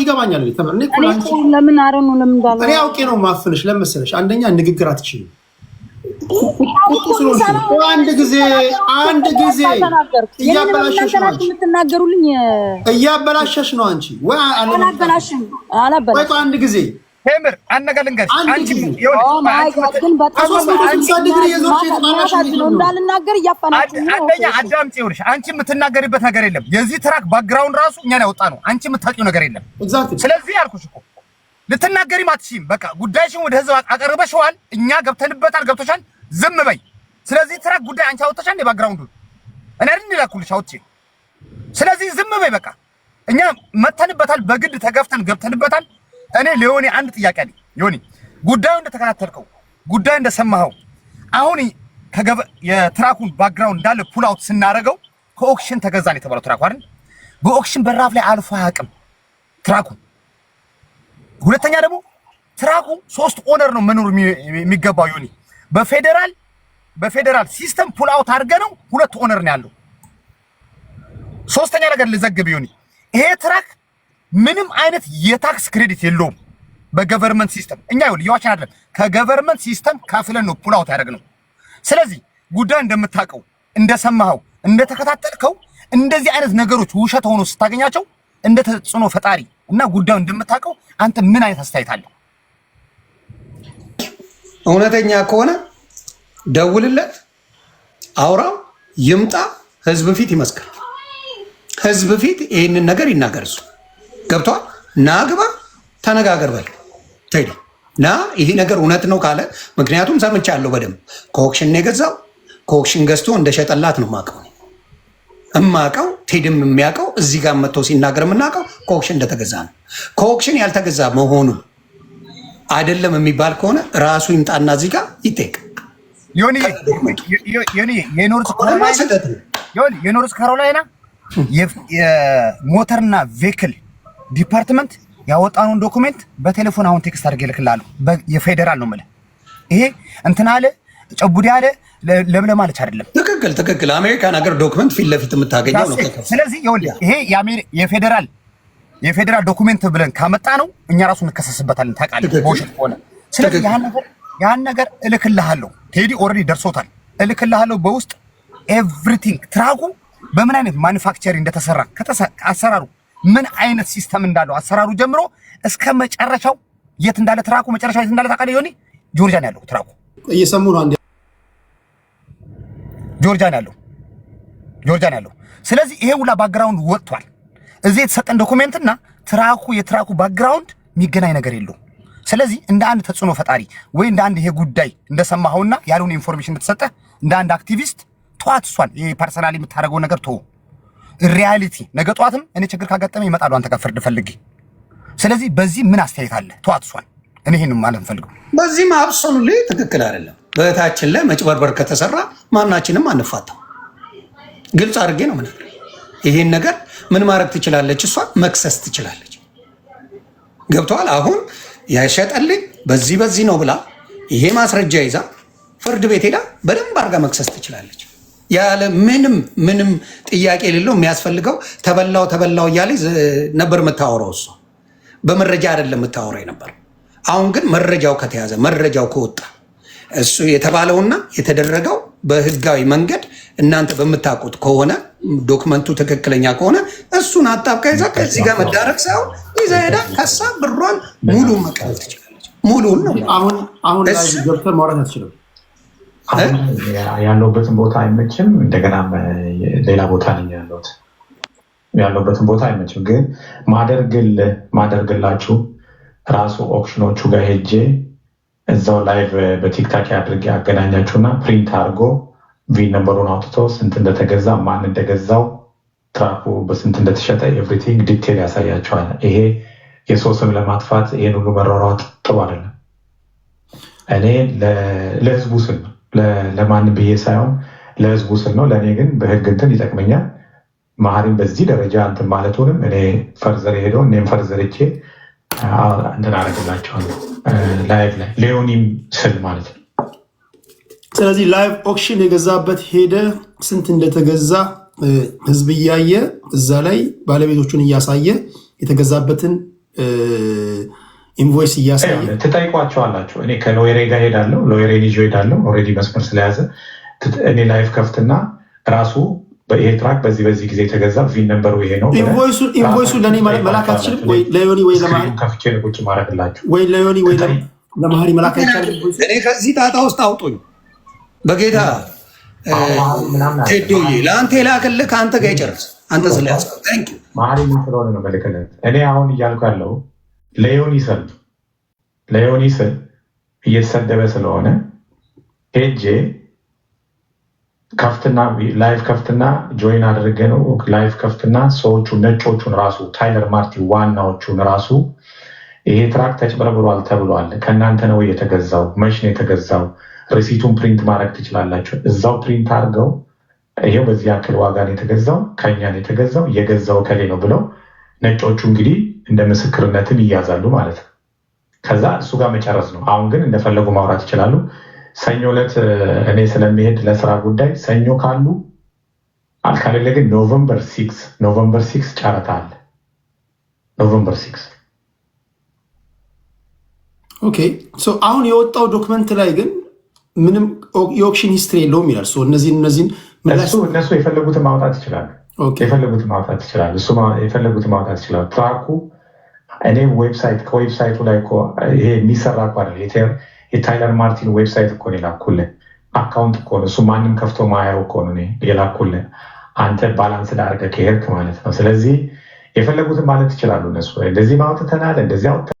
ይገባኛል። ለምን አረኑ ለምን እንዳለ እኔ አውቄ ነው ማፍንሽ። ለምን መሰለሽ አንደኛ ንግግር አትችልም። አንድ ጊዜ አንድ ጊዜ እያበላሸሽ ነው አንቺ፣ እያበላሸሽ ነው አንድ ጊዜ ቴምር አንድ ነገር ልንገርሽ፣ አንቺ አንቺ የምትናገሪበት ነገር የለም። የዚህ ትራክ ባክግራውንድ ራሱ እኛን ያወጣ ነው። አንቺ የምታውቂው ነገር የለም። ስለዚህ አልኩሽ እኮ ልትናገሪም አትችይም። በቃ ጉዳይሽን ወደ ህዝብ አቀርበሽዋል። እኛ ገብተንበታል። ገብቶሻል። ዝም በይ። ስለዚህ ትራክ ጉዳይ አንቺ አወጣሻል። የባክግራውንዱን እኔ አይደል ላኩልሽ አውጥቼ። ስለዚህ ዝም በይ በቃ እኛ መተንበታል። በግድ ተገፍተን ገብተንበታል። እኔ ለዮኒ አንድ ጥያቄ አለኝ። ዮኒ ጉዳዩ እንደተከታተልከው ጉዳዩ እንደሰማኸው አሁን የትራኩን ባክግራውንድ እንዳለ ፑል አውት ስናደርገው ከኦክሽን ተገዛን የተባለው ትራኩ አይደል? በኦክሽን በራፍ ላይ አልፎ አያውቅም ትራኩ። ሁለተኛ ደግሞ ትራኩ ሶስት ኦነር ነው መኖር የሚገባው ዮኒ። በፌዴራል በፌዴራል ሲስተም ፑል አውት አድርገ ነው ሁለት ኦነር ነው ያለው። ሶስተኛ ነገር ልዘግብ ዮኒ ይሄ ትራክ ምንም አይነት የታክስ ክሬዲት የለውም በገቨርንመንት ሲስተም። እኛ ይኸውልህ የዋችን አይደለም ከገቨርንመንት ሲስተም ከፍለን ነው ያደረግ ያደረግነው። ስለዚህ ጉዳይ እንደምታውቀው እንደሰማኸው እንደተከታተልከው እንደዚህ አይነት ነገሮች ውሸት ሆኖ ስታገኛቸው እንደ ተጽዕኖ ፈጣሪ እና ጉዳዩ እንደምታውቀው አንተ ምን አይነት አስተያየት አለው? እውነተኛ ከሆነ ደውልለት፣ አውራው፣ ይምጣ፣ ህዝብ ፊት ይመስክር፣ ህዝብ ፊት ይህንን ነገር ይናገር እሱ ገብቷል። ና ግባ፣ ተነጋገር በል ቴዲ ና። ይሄ ነገር እውነት ነው ካለ ምክንያቱም ሰምቻለሁ በደምብ ከኦክሽን ነው የገዛው። ከኦክሽን ገዝቶ እንደሸጠላት ነው ማቀው እማቀው ቴድም የሚያውቀው እዚህ ጋር መጥቶ ሲናገር የምናውቀው ከኦክሽን እንደተገዛ ነው። ከኦክሽን ያልተገዛ መሆኑ አይደለም የሚባል ከሆነ ራሱ ይምጣና እዚህ ጋር ይጠይቅ። የኖርስ ካሮላይና ሞተርና ቬክል ዲፓርትመንት ያወጣነውን ዶኩሜንት በቴሌፎን አሁን ቴክስት አድርጌ እልክልሃለሁ። የፌዴራል ነው የምልህ። ይሄ እንትን አለ ጨቡዴ አለ ለምለም አለች አይደለም። ትክክል ትክክል። አሜሪካን ሀገር ዶክመንት ፊት ለፊት የምታገኘው ነው። ስለዚህ ይሄ የፌዴራል የፌዴራል ዶኩሜንት ብለን ካመጣ ነው እኛ ራሱ እንከሰስበታለን። ታውቃለህ፣ በውሸት ከሆነ ስለዚህ ያን ነገር ያን ነገር እልክልሃለሁ። ቴዲ ኦልሬዲ ደርሶታል። እልክልሃለሁ በውስጥ ኤቭሪቲንግ ትራጉ በምን አይነት ማኒፋክቸሪ እንደተሰራ አሰራሩ ምን አይነት ሲስተም እንዳለው አሰራሩ ጀምሮ እስከ መጨረሻው የት እንዳለ ትራኩ መጨረሻው የት እንዳለ ታውቃለህ? ዮኒ ጆርጂያን ያለው ትራኩ እየሰሙ ነው። አንዴ ያለው ጆርጂያን ያለው። ስለዚህ ይሄ ሁላ ባክግራውንድ ወጥቷል። እዚህ የተሰጠን ዶኩሜንትና ትራኩ የትራኩ ባክግራውንድ የሚገናኝ ነገር የለው ስለዚህ እንደ አንድ ተጽዕኖ ፈጣሪ ወይ እንደ አንድ ይሄ ጉዳይ እንደሰማኸውና ያልሆነ ኢንፎርሜሽን እንደተሰጠ እንደ አንድ አክቲቪስት ተዋት። እሷን ይሄ ፐርሰናሊ የምታደርገው ነገር ተወው። ሪያሊቲ ነገ ጠዋትም እኔ ችግር ካጋጠመ ይመጣሉ አንተ ጋር ፍርድ ፈልጊ። ስለዚህ በዚህ ምን አስተያየት አለ? ተዋት እሷን። እኔ ይህን ማለት ፈልገው በዚህም አብሶሉ ላይ ትክክል አይደለም። በእህታችን ላይ መጭበርበር ከተሰራ ማናችንም አንፋታው። ግልጽ አድርጌ ነው ምናምን ይህን ነገር ምን ማድረግ ትችላለች? እሷ መክሰስ ትችላለች። ገብተዋል። አሁን ያሸጠልኝ በዚህ በዚህ ነው ብላ ይሄ ማስረጃ ይዛ ፍርድ ቤት ሄዳ በደንብ አድርጋ መክሰስ ትችላለች። ያለ ምንም ምንም ጥያቄ የሌለው የሚያስፈልገው ተበላው ተበላው እያለ ነበር የምታወራው እሷ። በመረጃ አይደለም የምታወራ ነበር። አሁን ግን መረጃው ከተያዘ መረጃው ከወጣ እሱ የተባለውና የተደረገው በህጋዊ መንገድ እናንተ በምታውቁት ከሆነ ዶክመንቱ ትክክለኛ ከሆነ እሱን አጣብቃ ይዛ ከዚህ ጋር መዳረግ ሳይሆን ይዛ ሄዳ ከሳ ብሯን ሙሉ መቀበል ትችላለች። ሙሉን ነው አሁን ገብተ ማውራት አትችልም። ያለሁበትን ቦታ አይመችም። እንደገና ሌላ ቦታ ነኝ ያለሁት። ያለበትን ቦታ አይመችም፣ ግን ማደርግል ማደርግላችሁ ራሱ ኦፕሽኖቹ ጋር ሄጄ እዛው ላይቭ በቲክታክ አድርጌ አገናኛችሁና ፕሪንት አድርጎ ቪ ነበሩን አውጥቶ ስንት እንደተገዛ ማን እንደገዛው ትራኩ በስንት እንደተሸጠ ኤቭሪቲንግ ዲቴል ያሳያቸዋል። ይሄ የሰው ስም ለማጥፋት ይሄን ሁሉ መሯሯጥ ጥሩ አይደለም። እኔ ለህዝቡ ስል ነው ለማንም ብዬ ሳይሆን ለህዝቡ ስል ነው። ለእኔ ግን በህግ እንትን ይጠቅመኛል። መሀሪም በዚህ ደረጃ እንትን ማለቱንም እኔ ፈርዘር ሄደው እኔም ፈርዘርቼ እንትን አደረግላቸዋለሁ ላይቭ ላይ ሌዮኒም ስል ማለት ነው። ስለዚህ ላይቭ ኦክሽን የገዛበት ሄደ ስንት እንደተገዛ ህዝብ እያየ እዛ ላይ ባለቤቶቹን እያሳየ የተገዛበትን ኢንቮይስ እያሳየ ትጠይቋቸዋላችሁ። እኔ ከሎሬ ጋር ሄዳለሁ፣ ሎሬ ልጅ ሄዳለሁ። ኦልሬዲ መስመር ስለያዘ እኔ ላይፍ ከፍትና ራሱ ይሄ ትራክ በዚህ በዚህ ጊዜ የተገዛ ቪን ነበሩ ይሄ ነው። ኢንቮይሱ ለእኔ መላክ አትችልም ወይ ለዮኒ ወይ ለማህሪ ከፍቼ ቁጭ ማድረግላችሁ ወይ ለዮኒ ወይ ለማህሪ መላክ አይቻልም። እኔ ከዚህ ጣጣ ውስጥ አውጡኝ በጌታ ቴዶዬ ለአንተ የላክልህ ከአንተ ጋር ይጨርስ። አንተ ስለያዝከው ማሪ ስለሆነ ነው መልክለት እኔ አሁን እያልኩ ያለው ሌዮን ስል ሌዮን ስል እየተሰደበ ስለሆነ ሄጄ ከፍትና ላይፍ ከፍትና ጆይን አድርገ ነው ላይፍ ከፍትና ሰዎቹ ነጮቹን ራሱ ታይለር ማርቲ ዋናዎቹን ራሱ ይሄ ትራክ ተጭበርብሯል ተብሏል፣ ከእናንተ ነው የተገዛው፣ መች ነው የተገዛው፣ ሪሲቱን ፕሪንት ማድረግ ትችላላችሁ። እዛው ፕሪንት አድርገው ይሄው በዚህ ያክል ዋጋ ነው የተገዛው፣ ከኛ ነው የተገዛው፣ የገዛው ከሌ ነው ብለው ነጮቹ እንግዲህ እንደ ምስክርነትን ይያዛሉ ማለት ነው። ከዛ እሱ ጋር መጨረስ ነው። አሁን ግን እንደፈለጉ ማውራት ይችላሉ። ሰኞ ዕለት እኔ ስለሚሄድ ለስራ ጉዳይ ሰኞ ካሉ አልካሌለ ግን ኖቨምበር ሲክስ ኖቨምበር ሲክስ ጨረታ አለ። ኖቨምበር ሲክስ ኦኬ። አሁን የወጣው ዶክመንት ላይ ግን ምንም የኦክሽን ሂስትሪ የለውም ይላል። እነዚህ እነዚህን እነሱ የፈለጉትን ማውጣት ይችላሉ። የፈለጉትን ማውጣት ይችላሉ። ትራኩ እኔም ዌብሳይት ከዌብሳይቱ ላይ እኮ ይሄ የሚሰራ እኮ አለ የታይለር ማርቲን ዌብሳይት እኮ የላኩልን አካውንት እኮ ነው። እሱ ማንም ከፍቶ ማያው እኮ ነው የላኩልን። አንተ ባላንስ ዳርገ ከሄድክ ማለት ነው። ስለዚህ የፈለጉትን ማለት ይችላሉ እነሱ እንደዚህ ማውጥተናል እንደዚህ